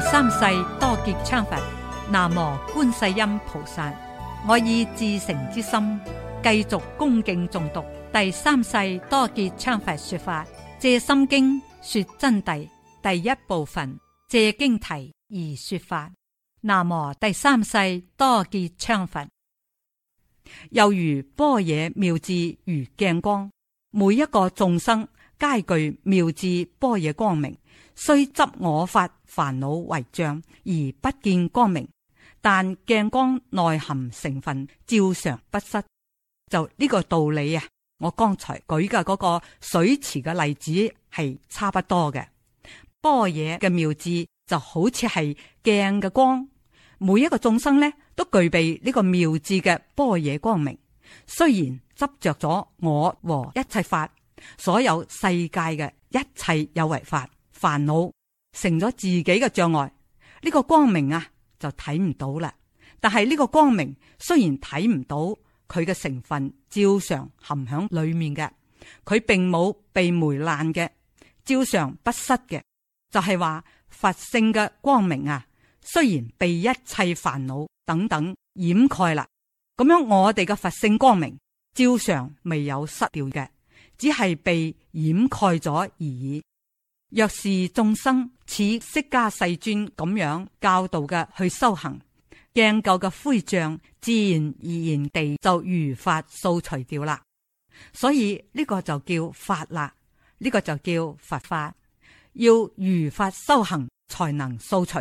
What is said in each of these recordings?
第三世多杰羌佛，南無觀世音菩薩。我以至誠之心，繼續恭敬誦讀第三世多杰羌佛說法《藉心經》說真諦第一部分《藉經題》而說法。南無第三世多杰羌佛，又如般若妙智如鏡光，每一個眾生。皆具妙智般若光明，雖執我法煩惱為障而不見光明，但鏡光內含成分照常不失。就呢個道理啊，我剛才舉嘅嗰個水池嘅例子係差不多嘅。般若嘅妙智就好似係鏡嘅光，每一個眾生呢都具備呢個妙智嘅般若光明，雖然執着咗我和一切法。所有世界嘅一切有為法煩惱成咗自己嘅障礙，呢、這個光明啊就睇唔到啦。但係呢個光明雖然睇唔到，佢嘅成分照常含喺裏面嘅，佢並冇被霉爛嘅，照常不失嘅。就係、是、話佛性嘅光明啊，雖然被一切煩惱等等掩蓋啦，咁樣我哋嘅佛性光明照常未有失掉嘅。只係被掩蓋咗而已。若是眾生似釋迦世尊咁樣教導嘅去修行，鏡舊嘅灰像自然而然地就如法掃除掉啦。所以呢個就叫法啦，呢個就叫佛法。要如法修行才能掃除。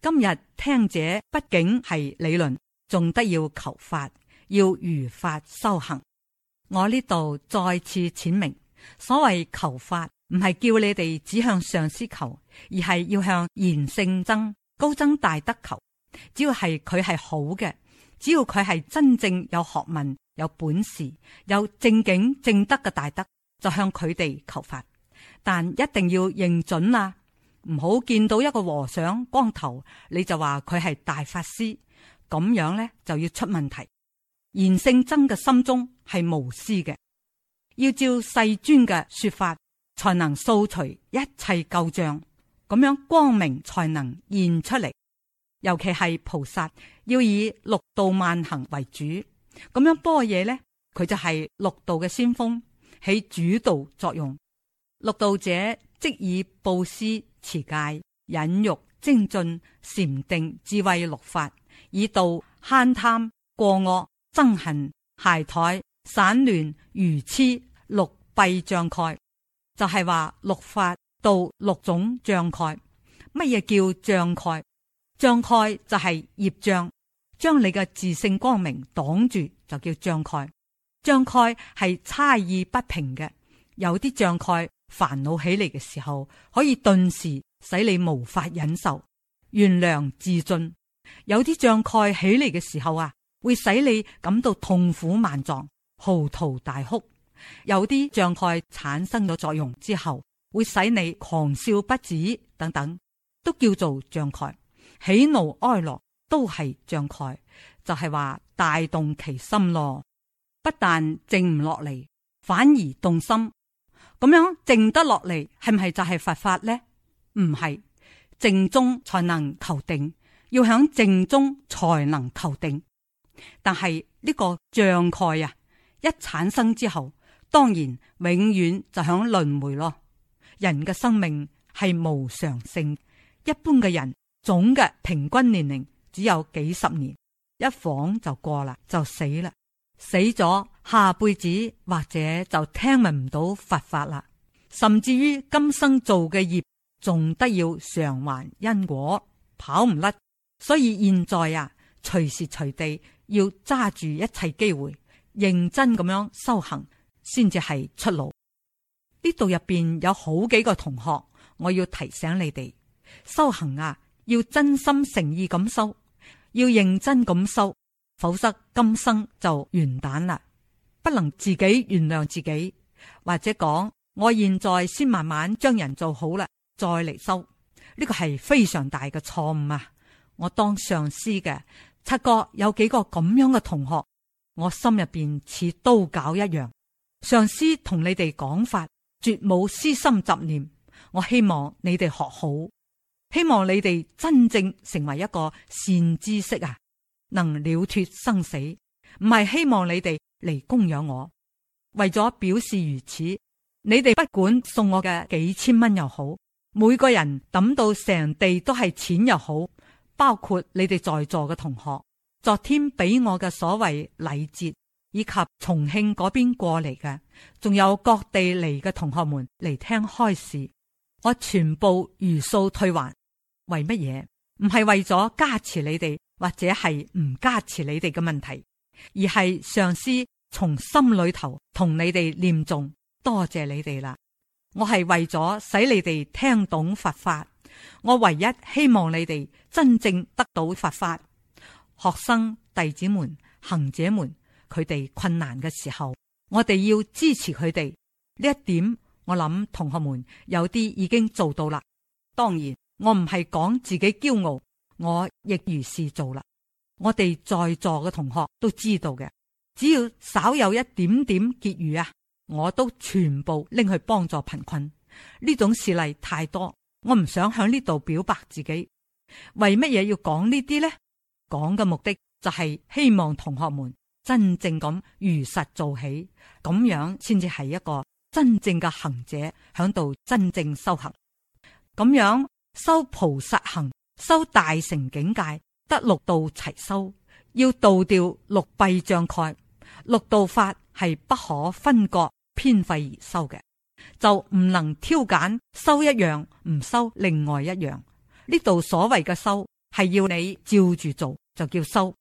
今日聽者畢竟係理論，仲得要求法，要如法修行。我呢度再次闡明，所謂求法唔係叫你哋只向上師求，而係要向賢聖僧高僧大德求。只要係佢係好嘅，只要佢係真正有學問、有本事、有正經正德嘅大德，就向佢哋求法。但一定要認準啦，唔好見到一個和尚光頭，你就話佢係大法師，咁樣呢，就要出問題。賢聖僧嘅心中。係無私嘅，要照世尊嘅說法，才能掃除一切舊障，咁樣光明才能現出嚟。尤其係菩薩，要以六度萬行為主，咁樣般若呢，佢就係六度嘅先鋒，起主導作用。六度者即以布施、持戒、忍辱、精進、禪定、智慧六法，以度慳貪、過惡、憎恨、懈怠。散亂、如痴、六弊障蓋，就係、是、話六法到六種障蓋。乜嘢叫障蓋？障蓋就係業障，將你嘅自性光明擋住，就叫障蓋。障蓋係差異不平嘅，有啲障蓋煩惱起嚟嘅時候，可以頓時使你無法忍受，原諒自盡；有啲障蓋起嚟嘅時候啊，會使你感到痛苦萬狀。嚎啕大哭，有啲障蓋產生咗作用之後，會使你狂笑不止，等等，都叫做障蓋。喜怒哀樂都係障蓋，就係話大動其心咯。不但靜唔落嚟，反而動心。咁樣靜得落嚟，係唔係就係佛法呢？唔係，靜中才能求定，要響靜中才能求定。但係呢個障蓋啊！一產生之後，當然永遠就響輪回咯。人嘅生命係無常性，一般嘅人總嘅平均年齡只有幾十年，一晃就過啦，就死啦。死咗下輩子或者就聽聞唔到佛法啦，甚至於今生做嘅業仲得要償還因果，跑唔甩。所以現在呀，隨時隨地要揸住一切機會。認真咁樣修行，先至係出路。呢度入邊有好幾個同學，我要提醒你哋：修行啊，要真心誠意咁修，要認真咁修，否則今生就完蛋啦！不能自己原諒自己，或者講，我現在先慢慢將人做好啦，再嚟修，呢個係非常大嘅錯誤啊！我當上司嘅七哥，察覺有幾個咁樣嘅同學。我心入邊似刀絞一樣。上師同你哋講法，絕冇私心雜念。我希望你哋學好，希望你哋真正成為一個善知識啊，能了脱生死。唔係希望你哋嚟，供養我，為咗表示如此，你哋不管送我嘅，幾千蚊又好，每個人抌到成地都係錢又好，包括你哋在座嘅同學，昨天俾我嘅所謂禮節，以及重慶嗰邊過嚟嘅，仲有各地嚟嘅同學們嚟聽開示，我全部如數退還。為乜嘢？唔係為咗加持你哋，或者係唔加持你哋嘅問題，而係上司從心裏頭同你哋念誦，多謝你哋啦。我係為咗使你哋聽懂佛法，我唯一希望你哋真正得到佛法。學生、弟子們、行者們，佢哋困難嘅時候，我哋要支持佢哋。呢一點，我諗同學們有啲已經做到啦。當然，我唔係講自己驕傲，我亦如是做啦。我哋在座嘅同學都知道嘅，只要稍有一點點結餘啊，我都全部拎去幫助貧困。呢種事例太多，我唔想喺呢度表白自己。為乜嘢要講呢啲呢？講嘅目的就係希望同學們真正咁如實做起，咁樣先至係一個真正嘅行者響度真正修行。咁樣修菩薩行，修大乘境界，得六道齊修，要倒掉六弊障蓋，六道法係不可分割偏廢而修嘅，就唔能挑揀修一樣唔修另外一樣。呢度所謂嘅修。係要你照住做就叫修，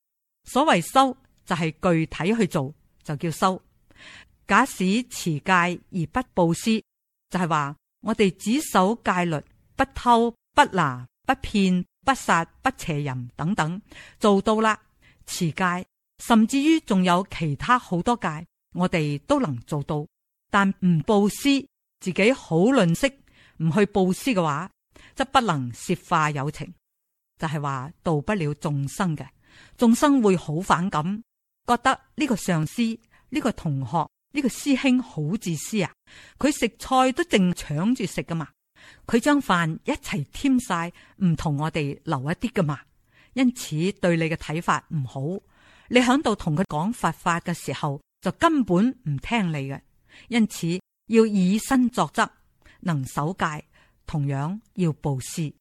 所謂修就係、是、具體去做就叫修。假使持戒而不布施，就係、是、話我哋只守戒律，不偷不拿不騙不殺不邪淫等等做到啦。持戒，甚至於仲有其他好多戒，我哋都能做到，但唔布施，自己好吝嗇，唔去布施嘅話，則不能攝化有情。就係話導不了眾生嘅眾生會好反感，覺得呢個上司、呢個同學、呢個師兄好自私啊！佢食菜都淨搶住食噶嘛，佢將飯一齊添晒，唔同我哋留一啲噶嘛，因此對你嘅睇法唔好。你響度同佢講佛法嘅時候，就根本唔聽你嘅，因此要以身作則，能守戒，同樣要布施。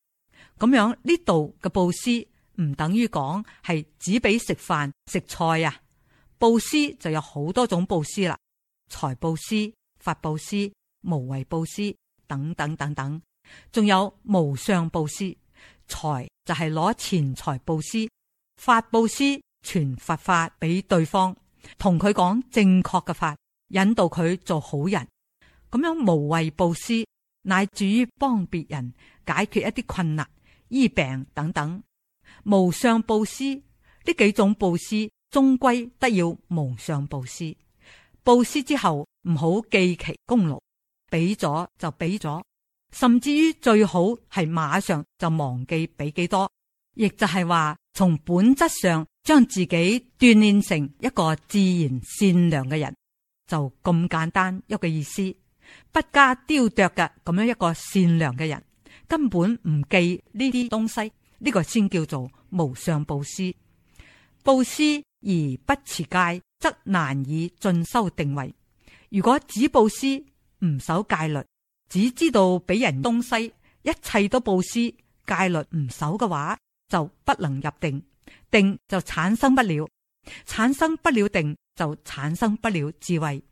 咁樣呢度嘅布施唔等於講係只俾食飯食菜啊！布施就有好多種布施啦，財布施、法布施、無為布施等等等等，仲有無相布施。財就係攞錢財布施，法布施傳佛法俾對方，同佢講正確嘅法，引導佢做好人。咁樣無為布施乃至於幫別人解決一啲困難醫病等等，無相布施，呢幾種布施終歸得要無相布施。布施之後唔好記其功勞，俾咗就俾咗，甚至於最好係馬上就忘記俾幾多，亦就係話從本質上將自己鍛煉成一個自然善良嘅人，就咁簡單有一個意思，不加雕琢嘅咁樣一個善良嘅人。根本唔記呢啲東西，呢、這個先叫做無上布施。布施而不持戒，則難以進修定慧。如果只布施唔守戒律，只知道俾人東西，一切都布施，戒律唔守嘅話，就不能入定，定就產生不了，產生不了定就產生不了智慧，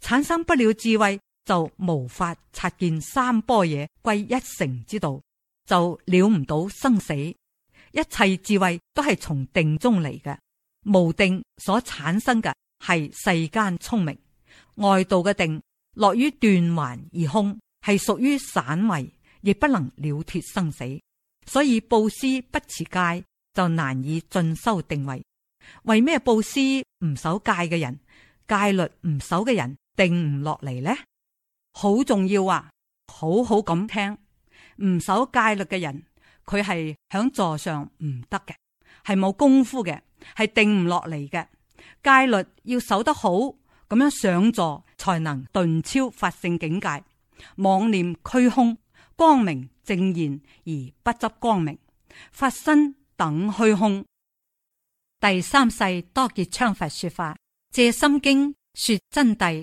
產生不了智慧。就無法察見三波嘢，歸一成之道，就了唔到生死。一切智慧都係從定中嚟嘅，無定所產生嘅係世間聰明外道嘅，定落於斷環而空，係屬於散位，亦不能了脱生死，所以布施不持戒就難以進修定慧。為咩布施唔守戒嘅人，戒律唔守嘅人定唔落嚟呢？好重要啊！好好咁聽，唔守戒律嘅人，佢係響座上唔得嘅，係冇功夫嘅，係定唔落嚟嘅。戒律要守得好，咁樣上座才能頓超法性境界，妄念虛空，光明正現，而不執光明，法身等虛空。第三世多杰羌佛說法，借心經說真諦。